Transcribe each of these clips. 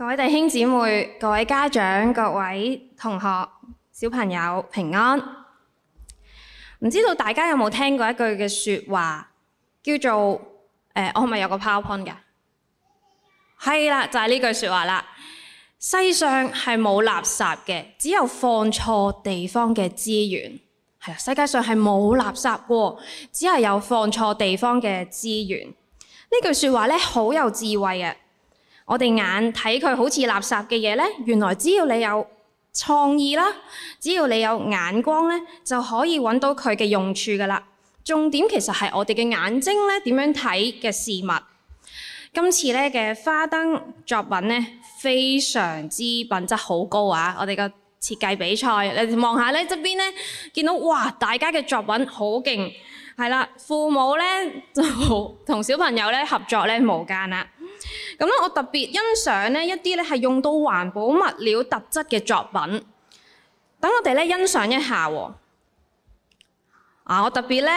各位弟兄姊妹、各位家長、各位同學、小朋友平安。唔知道大家有冇聽過一句嘅説話，叫做、呃、我係咪有個 PowerPoint 㗎？係啦，就係、是、呢句説話啦。世上係冇垃圾嘅，只有放錯地方嘅資源。係啦，世界上係冇垃圾喎，只係有放錯地方嘅資源。呢句説話咧，好有智慧嘅。我哋眼睇佢好似垃圾嘅嘢呢，原來只要你有創意啦，只要你有眼光呢，就可以揾到佢嘅用處噶啦。重點其實係我哋嘅眼睛呢點樣睇嘅事物。今次呢嘅花燈作品呢，非常之品質好高啊！我哋嘅設計比賽，你望下呢側邊呢，見到哇，大家嘅作品好勁，係啦，父母呢，就同小朋友呢合作呢，無間啦！咁咧，我特別欣賞呢一啲咧係用到環保物料特質嘅作品，等我哋咧欣賞一下喎。啊，我特別咧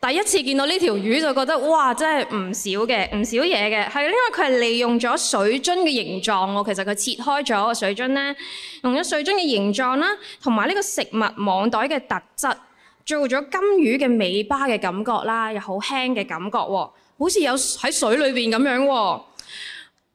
第一次見到呢條魚就覺得哇，真係唔少嘅，唔少嘢嘅，係因為佢係利用咗水樽嘅形狀。其實佢切開咗個水樽咧，用咗水樽嘅形狀啦，同埋呢個食物網袋嘅特質，做咗金魚嘅尾巴嘅感覺啦，又好輕嘅感覺，好似有喺水裏邊咁樣啊。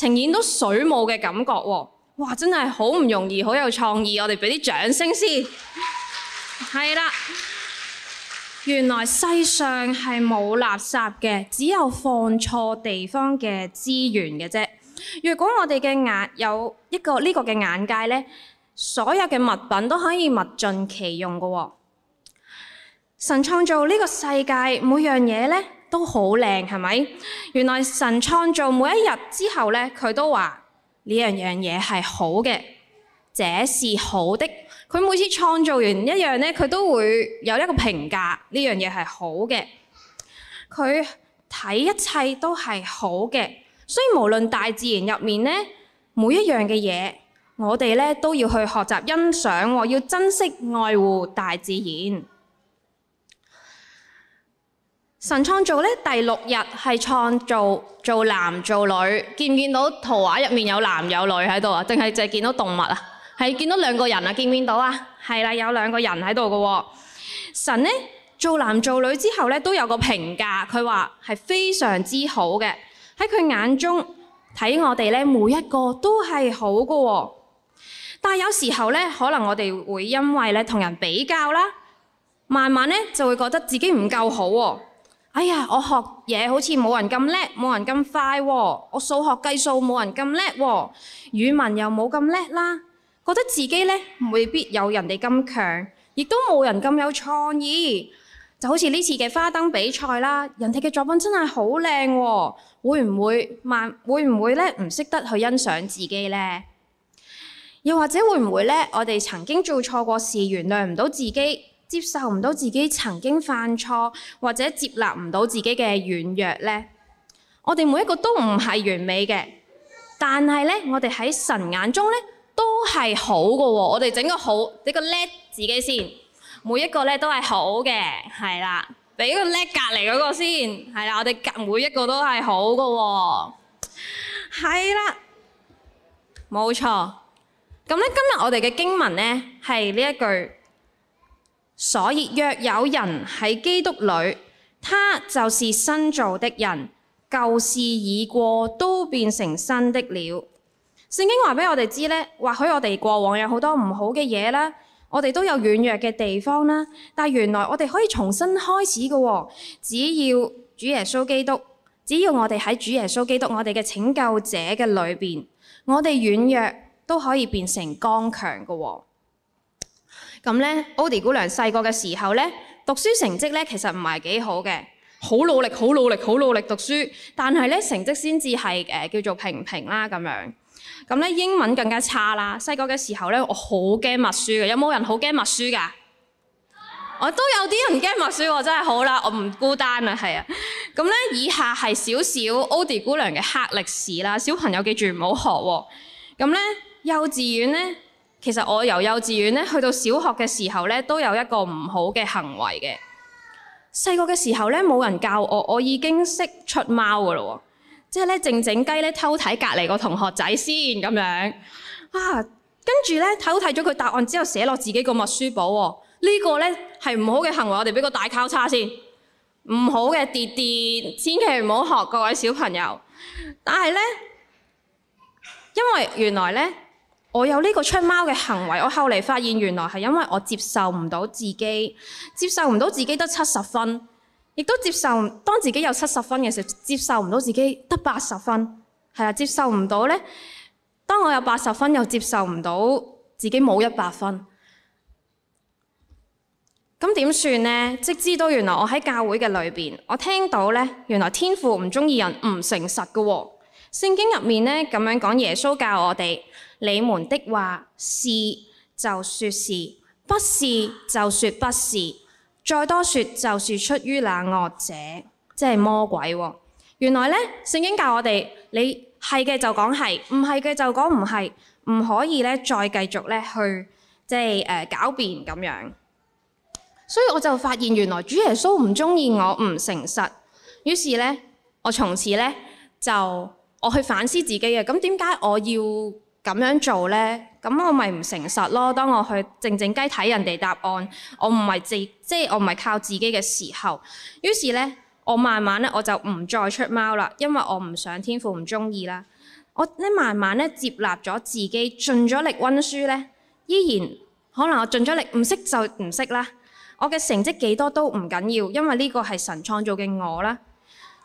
呈現到水母嘅感覺喎，哇！真係好唔容易，好有創意，我哋俾啲掌聲先。係啦， 原來世上係冇垃圾嘅，只有放錯地方嘅資源嘅啫。如果我哋嘅眼有一個呢個嘅眼界呢，所有嘅物品都可以物盡其用嘅喎。神創造呢個世界，每樣嘢咧都好靚，係咪？原來神創造每一日之後咧，佢都話呢樣樣嘢係好嘅，這是好的。佢每次創造完一樣咧，佢都會有一個評價，呢樣嘢係好嘅。佢睇一切都係好嘅，所以無論大自然入面咧，每一樣嘅嘢，我哋咧都要去學習欣賞，要珍惜愛護大自然。神創造咧，第六日係創造做男做女，見唔見到圖畫入面有男有女喺度啊？定係淨係見到動物啊？係見到兩個人啊？見唔見到啊？係啦，有兩個人喺度嘅喎。神咧做男做女之後咧，都有個評價，佢話係非常之好嘅。喺佢眼中睇我哋咧，每一個都係好㗎喎。但係有時候咧，可能我哋會因為咧同人比較啦，慢慢咧就會覺得自己唔夠好喎、哦。哎呀，我學嘢好似冇人咁叻，冇人咁快喎。我數學計數冇人咁叻喎，語文又冇咁叻啦。覺得自己咧未必有人哋咁強，亦都冇人咁有創意。就好似呢次嘅花燈比賽啦，人哋嘅作品真係好靚。會唔會慢？會唔會咧？唔識得去欣賞自己咧？又或者會唔會咧？我哋曾經做錯過事，原諒唔到自己。接受唔到自己曾經犯錯，或者接納唔到自己嘅軟弱呢。我哋每一個都唔係完美嘅，但係呢，我哋喺神眼中呢都係好嘅喎、哦。我哋整個好，俾個叻自己先。每一個呢都係好嘅，係啦。俾個叻隔離嗰個先，係啦。我哋隔每一個都係好嘅喎、哦，係啦，冇錯。咁呢，今日我哋嘅經文呢係呢一句。所以若有人喺基督裏，他就是新造的人，舊事已過，都變成新的了。聖經話俾我哋知咧，或許我哋過往有好多唔好嘅嘢啦，我哋都有軟弱嘅地方啦，但原來我哋可以重新開始噶喎。只要主耶穌基督，只要我哋喺主耶穌基督我哋嘅拯救者嘅裏邊，我哋軟弱都可以變成剛強噶喎。咁咧，奧迪姑娘細個嘅時候咧，讀書成績咧其實唔係幾好嘅，好努力，好努力，好努力讀書，但係咧成績先至係誒叫做平平啦咁樣。咁咧英文更加差啦。細個嘅時候咧，我好驚默書嘅，有冇人好驚默書噶？我都有啲人驚默書，我真係好啦，我唔孤單啊，係啊。咁咧，以下係少少奧迪姑娘嘅黑歷史啦，小朋友記住唔好學喎、啊。咁咧，幼稚園咧。其實我由幼稚園咧去到小學嘅時候咧，都有一個唔好嘅行為嘅。細個嘅時候咧，冇人教我，我已經識出貓噶咯喎，即係咧靜靜雞咧偷睇隔離個同學仔先咁樣啊，跟住咧偷睇咗佢答案之後寫落自己個默書簿喎。呢、哦呢個咧係唔好嘅行為，我哋俾個大交叉先，唔好嘅跌跌，千祈唔好學各位小朋友。但係咧，因為原來咧。我有呢個出貓嘅行為，我後嚟發現原來係因為我接受唔到自己，接受唔到自己得七十分，亦都接受當自己有七十分嘅時候，接受唔到自己得八十分，係啊，接受唔到咧。當我有八十分又接受唔到自己冇一百分，咁點算咧？即知道原來我喺教會嘅裏邊，我聽到咧，原來天父唔中意人唔誠實嘅喎、哦。聖經入面呢，咁樣講耶穌教我哋，你們的話是就說是，不是就說不是。再多說，就是出於那惡者即係魔鬼、哦。原來呢，聖經教我哋，你係嘅就講係，唔係嘅就講唔係，唔可以咧再繼續咧去即係誒、呃、狡辯咁樣。所以我就發現原來主耶穌唔中意我唔誠實。於是咧我從此咧就。我去反思自己嘅，咁點解我要咁樣做呢？咁我咪唔誠實咯。當我去靜靜雞睇人哋答案，我唔係自即係、就是、我唔係靠自己嘅時候，於是呢，我慢慢咧我就唔再出貓啦，因為我唔想天父唔中意啦。我咧慢慢咧接納咗自己，盡咗力温書呢，依然可能我盡咗力唔識就唔識啦。我嘅成績幾多都唔緊要，因為呢個係神創造嘅我啦。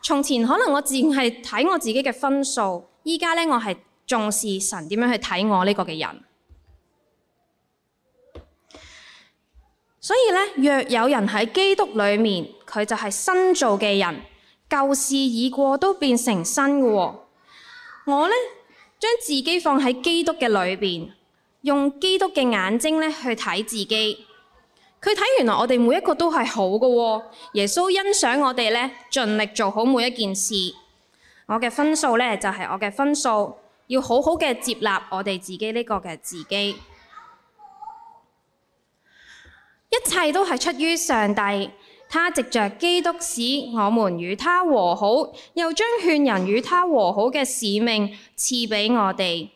從前可能我淨係睇我自己嘅分數，而家呢，我係重視神點樣去睇我呢個嘅人。所以呢，若有人喺基督裏面，佢就係新造嘅人，舊事已過，都變成新嘅。我呢，將自己放喺基督嘅裏邊，用基督嘅眼睛咧去睇自己。佢睇，原來我哋每一個都係好嘅、哦。耶穌欣賞我哋咧，盡力做好每一件事。我嘅分數咧就係、是、我嘅分數，要好好嘅接納我哋自己呢個嘅自己。一切都係出於上帝，他藉着基督使我們與他和好，又將勸人與他和好嘅使命賜俾我哋。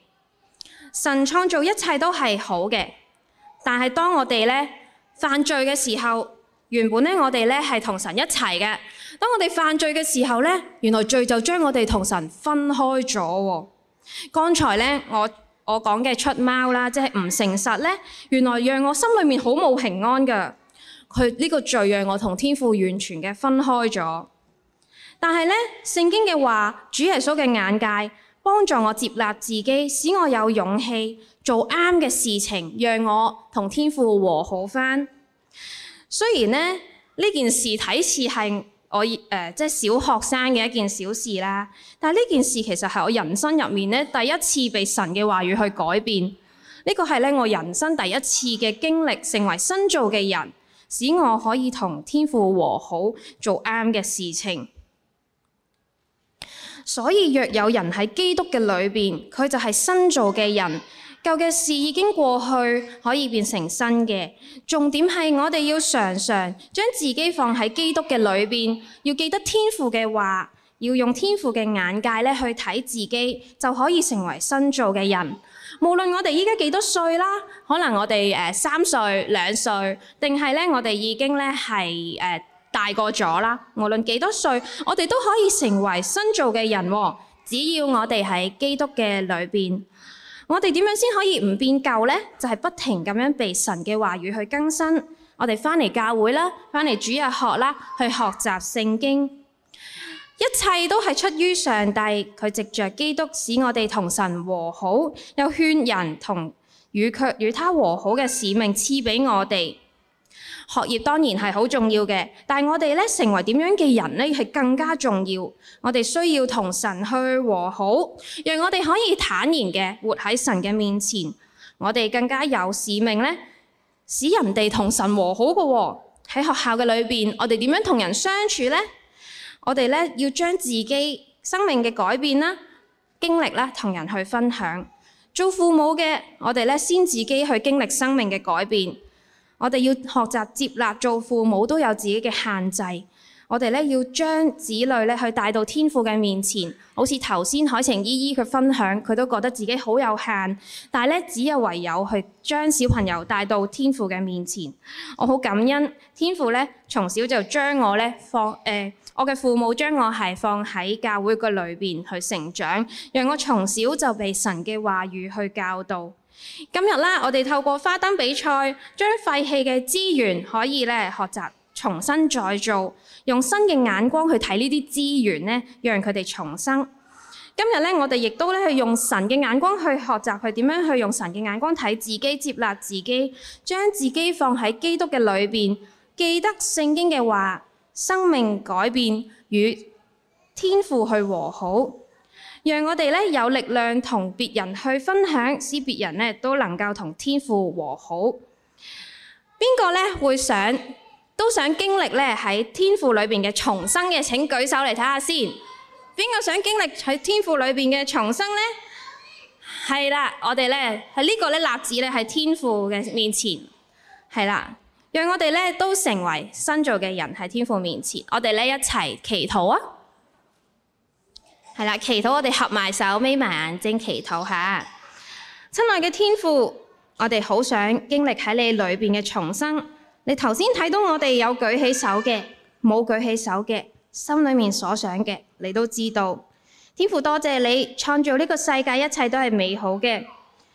神創造一切都係好嘅，但係當我哋咧，犯罪嘅時候，原本呢我哋呢係同神一齊嘅。當我哋犯罪嘅時候呢，原來罪就將我哋同神分開咗。剛才呢，我我講嘅出貓啦，即係唔誠實呢，原來讓我心裏面好冇平安㗎。佢、這、呢個罪讓我同天父完全嘅分開咗。但係呢，聖經嘅話，主耶穌嘅眼界。幫助我接納自己，使我有勇氣做啱嘅事情，讓我同天父和好翻。雖然咧呢件事睇似係我誒即係小學生嘅一件小事啦，但係呢件事其實係我人生入面咧第一次被神嘅話語去改變。呢、呢個係咧我人生第一次嘅經歷，成為新造嘅人，使我可以同天父和好，做啱嘅事情。所以若有人喺基督嘅裏邊，佢就係新造嘅人，舊嘅事已經過去，可以變成新嘅。重點係我哋要常常將自己放喺基督嘅裏邊，要記得天父嘅話，要用天父嘅眼界咧去睇自己，就可以成為新造嘅人。無論我哋依家幾多歲啦，可能我哋誒、呃、三歲、兩歲，定係咧我哋已經咧係誒。呃大過咗啦，無論幾多歲，我哋都可以成為新造嘅人。只要我哋喺基督嘅裏邊，我哋點樣先可以唔變舊呢？就係、是、不停咁樣被神嘅話語去更新。我哋翻嚟教會啦，翻嚟主日學啦，去學習聖經，一切都係出於上帝。佢藉着基督使我哋同神和好，又勸人同與佢與他和好嘅使命賜俾我哋。學業當然係好重要嘅，但係我哋咧成為點樣嘅人咧係更加重要。我哋需要同神去和好，讓我哋可以坦然嘅活喺神嘅面前。我哋更加有使命咧，使人哋同神和好嘅喎。喺學校嘅裏邊，我哋點樣同人相處呢？我哋咧要將自己生命嘅改變啦、經歷啦同人去分享。做父母嘅，我哋咧先自己去經歷生命嘅改變。我哋要學習接納，做父母都有自己嘅限制。我哋咧要將子女咧去帶到天父嘅面前，好似頭先海晴姨姨佢分享，佢都覺得自己好有限，但係咧只有唯有去將小朋友帶到天父嘅面前。我好感恩天父咧，從小就將我咧放、呃、我嘅父母將我係放喺教會嘅裏面去成長，讓我從小就被神嘅話語去教導。今日啦，我哋透過花燈比賽，將廢棄嘅資源可以咧學習重新再造，用新嘅眼光去睇呢啲資源咧，讓佢哋重生。今日咧，我哋亦都咧去用神嘅眼光去學習去點樣去用神嘅眼光睇自己接納自己，將自己放喺基督嘅裏邊，記得聖經嘅話，生命改變與天父去和好。讓我哋咧有力量同別人去分享，使別人咧都能夠同天父和好。邊個咧會想都想經歷咧喺天父裏邊嘅重生嘅？請舉手嚟睇下先。邊個想經歷喺天父裏邊嘅重生咧？係啦，我哋咧喺呢個咧立志咧，喺天父嘅面前係啦。讓我哋咧都成為新造嘅人喺天父面前。我哋咧一齊祈禱啊！係啦，祈禱我哋合埋手，眯埋眼睛祈禱下。親愛嘅天父，我哋好想經歷喺你裏邊嘅重生。你頭先睇到我哋有舉起手嘅，冇舉起手嘅，心裏面所想嘅，你都知道。天父多謝你創造呢個世界，一切都係美好嘅。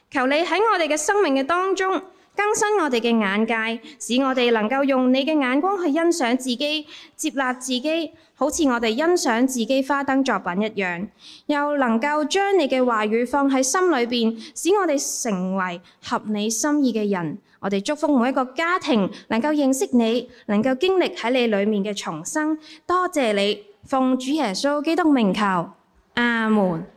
求你喺我哋嘅生命嘅當中，更新我哋嘅眼界，使我哋能夠用你嘅眼光去欣賞自己，接納自己，好似我哋欣賞自己花燈作品一樣。又能夠將你嘅話語放喺心裏邊，使我哋成為合你心意嘅人。我哋祝福每一個家庭能夠認識你，能夠經歷喺你裏面嘅重生。多謝你，奉主耶穌基督名求，阿門。